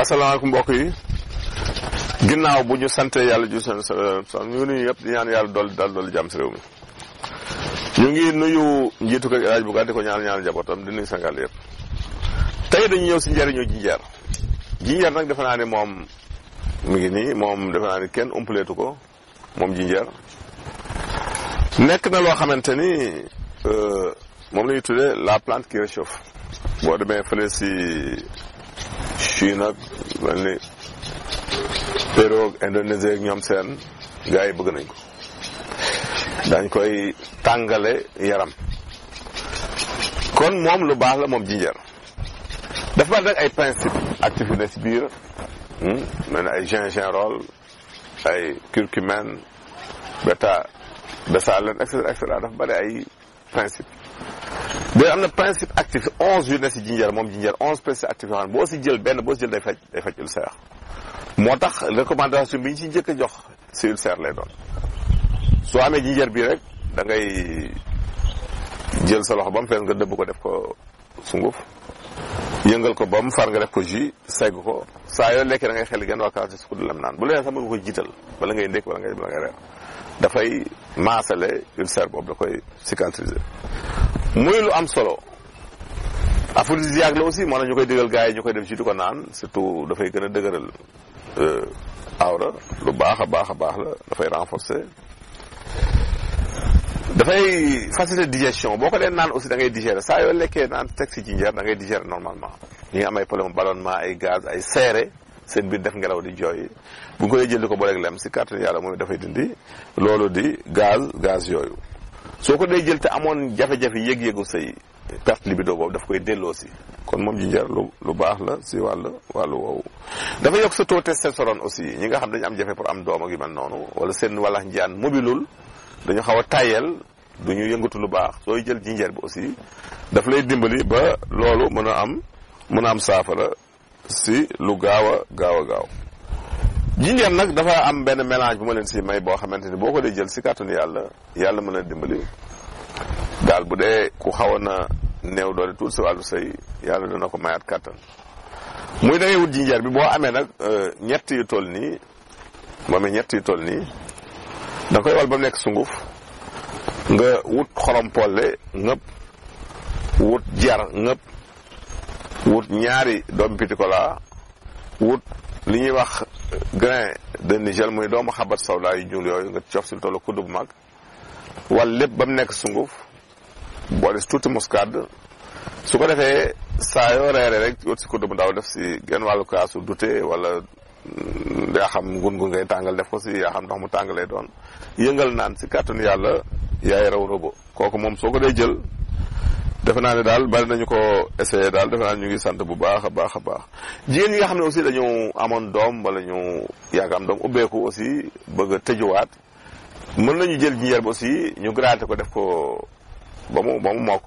asalaamaaleykum mbokk yi ginnaaw bu ñu santee yàlla ju seen son ñu nuyu yëpp di ñaan yàlla dool dal dool jàmm si réew mi ñu ngi nuyu njiitu ko El Hadj Bougane di ko ñaan ñaan njabootam di nuyu Sénégal yëpp tey dañu ñëw si njëriñu jinjeer jinjeer nag defe naa ne moom mu ngi nii moom defe naa ne kenn umpaleetu ko moom jinjeer nekk na loo xamante ni euh, moom la tuddee la plante qui réchauffe boo demee fële si Chine ak mel ni Pérou Indonésie ak ñoom seen gars yi bëgg nañ ko dañ koy tàngale yaram kon moom lu baax la moom jinjeer dafa rek ay principe activité si biir hmm? mel ni ay gingembre ay curcumine bêta desalène et cetera et cetera ay principe day am na principe actif onze yu ne si jinjeer moom jinjeer onze principe actif yoo boo si jël benn boo si jël day faj day faj ulcère moo tax recommandation bi ñu si njëkk a jox si ulcère lay doon soo amee jinjeer bii rek da ngay jël sa loxo ba mu nga dëbb ko def ko sunguf yëngal ko ba mu far nga def ko jus segg ko saa yoo lekkee da ngay xel genn wàllu su ko dul am naan bu leen sax mën nga ko jiital bala ngay ndékk wala ngay bala ngay reer dafay maasale ulcère boobu koy cicatriser. muy lu am solo aphrodisiaque la aussi moo tax ñu koy digal gars yi ñu koy def ci di ko naan surtout dafay gën a dëgëral euh, awra lu baax a baax a baax la dafay renforcer dafay faciliter digestion boo ko dee naan aussi da ngay digérer saa yoo lekkee naan teg ci jinjeer da ngay digérer normalement ñu ngi am ay problème ballonnement ay gaz ay seere seen biir def ngelaw di jooy bu ñu ko dee jël di ko booleeg lem si kàttan yàlla mooy dafay dindi loolu di gaz gaz yooyu soo ko dee jël te amoon jafe-jafe yëg-yëgu say perte libido boobu daf koy delloo si kon moom jinjeer lu lu baax la si wàll wàll woowu dafa yokk sa taux testostérone aussi ñi nga xam dañu am jafe pour am doom ak yu mel noonu wala seen walax njiyaan mobilul dañu xaw a tayel du ñu yëngatu lu baax sooy jël jinjeer bi aussi daf lay dimbali ba loolu mën a am mën a am saafara si lu gaaw a gaaw a gaaw jinjeer nag dafa am benn mélange bu ma leen si may boo xamante ni boo ko dee jël si kàttanu yàlla yàlla mën a dimbali daal bu dee ku xawoon a néew doole tuut si wàllu sëy yàlla dana ko mayaat kàttan muy da ngay wut jinjeer bi boo amee nag euh, ñett yu toll nii boo amee ñett yu da koy wal ba mu nekk sunguf nga wut xorom polle ngëpp wut jar ngëpp wut ñaari doom pitikola wut li ñuy wax euh, grain de nigel muy doomu xabat sawda yu ñuul yooyu nga cof si lu toll bu mag wal lépp ba mu nekk sunguf boole si tuuti muscade su ko defee saa yoo reere rek wut si kudd ndaw def si genn wàllu kaasu dute wala mm, yaa xam ngun gu ngay tàngal def ko si yaa xam ndox mu tàng lay doon yëngal naan si kàttanu yàlla yaay raw robo kooku moom soo ko dee jël defe naa ne daal bari nañu ko essayé daal defe naa ñu ngi sant bu baax a baax a baax jigéen ñi nga xam ne aussi dañu amoon doom wala ñu yàgg am doom ubbeeku aussi bëgg tëjuwaat mën nañu jël jinjeer bi aussi ñu gratter ko def ko ba mu ba mu mokk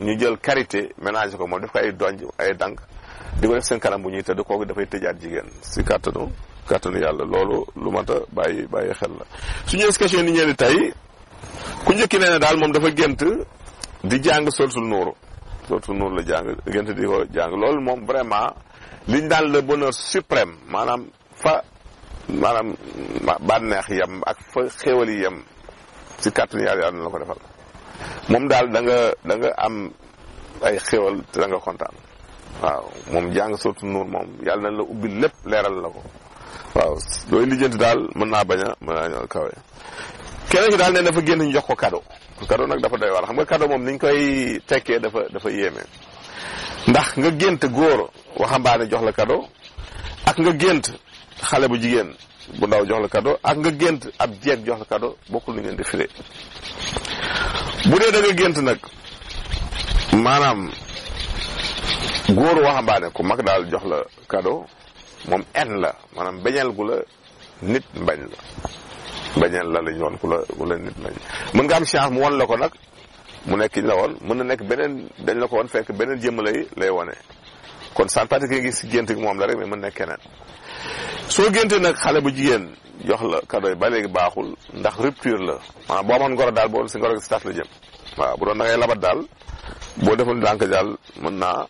ñu jël quarité ménagé ko moom def ko ay donj ay dànk di ko def seen kanam bu ñuy tëdd kooku dafay tëjaat jigéen si kàttanu kàttanu yàlla loolu lu mat a bàyyi bàyyi xel la suñu question ni ñeeni tey ku njëkki nee ne daal moom dafa gént di jàng suratul nuur suratul nuur la jàng gént di ko jàng loolu moom vraiment liñ daan le bonheur suprême maanaam fa maanaam bànneex yam ak fa xéwal yi si kàttanu yàlla yàlla na la ko defal moom daal danga danga am ay xéwal te da nga kontaan waaw moom jàng sootu nuur moom yàlla na la ubbi lépp leeral la ko waaw looy lijjanti daal mën naa bañ a mën naa kawe keneen ki daal ne dafa génn ñu jox ko cadeau cadeau nag dafa doy waar xam nga cadeau moom ni ñu koy tekkee dafa dafa yéeme ndax nga gént góor waxambaane jox la cadeau ak nga gént xale bu jigéen bu ndaw jox la cadeau ak nga gént ab jeeg jox la cadeau bokkul nu ngeen di firee bu dee da gént nag maanaam góoru waxambaane ku mag daal jox la cadeau moom en la maanaam beñal gu la nit mbañ la beñal la la ñu woon ku la ku la nit mbañ mën nga am chance mu won la ko nag mu nekk ñu la woon mën na nekk beneen dañ la ko woon fekk beneen jëmm lay lay wone kon sans parti que ngi si gént gi moom la rek mais mën nekk keneen soo génte nag xale bu jigéen jox la kadoy ba léegi baaxul ndax rupture la maanaam boo amoon ngoro daal boo si ngoro gi si la jëm waa bu doon da ngay labat daal boo deful ndànk daal mën naa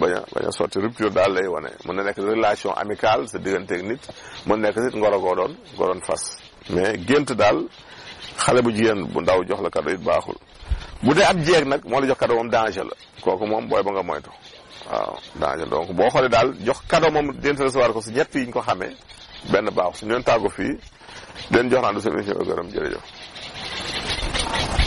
bañ a bañ a rupture daal lay wane mën na nekk relation amicale sa digganteeg nit mën nekk nit ngoro goo doon goo doon fas mais gént daal xale bu jigéen bu ndaw jox la kado it baaxul bu dee ab jeeg nag moo la jox kado moom danger la kooku moom booy ba nga moytu waaw daañu donc boo xoolee daal jox cadeau moom di leen recevoir ko si ñett yi ñu ko xamee benn baax su ñu leen tàggu fii di leen jox naan du seen émission gërëm jërëjëf.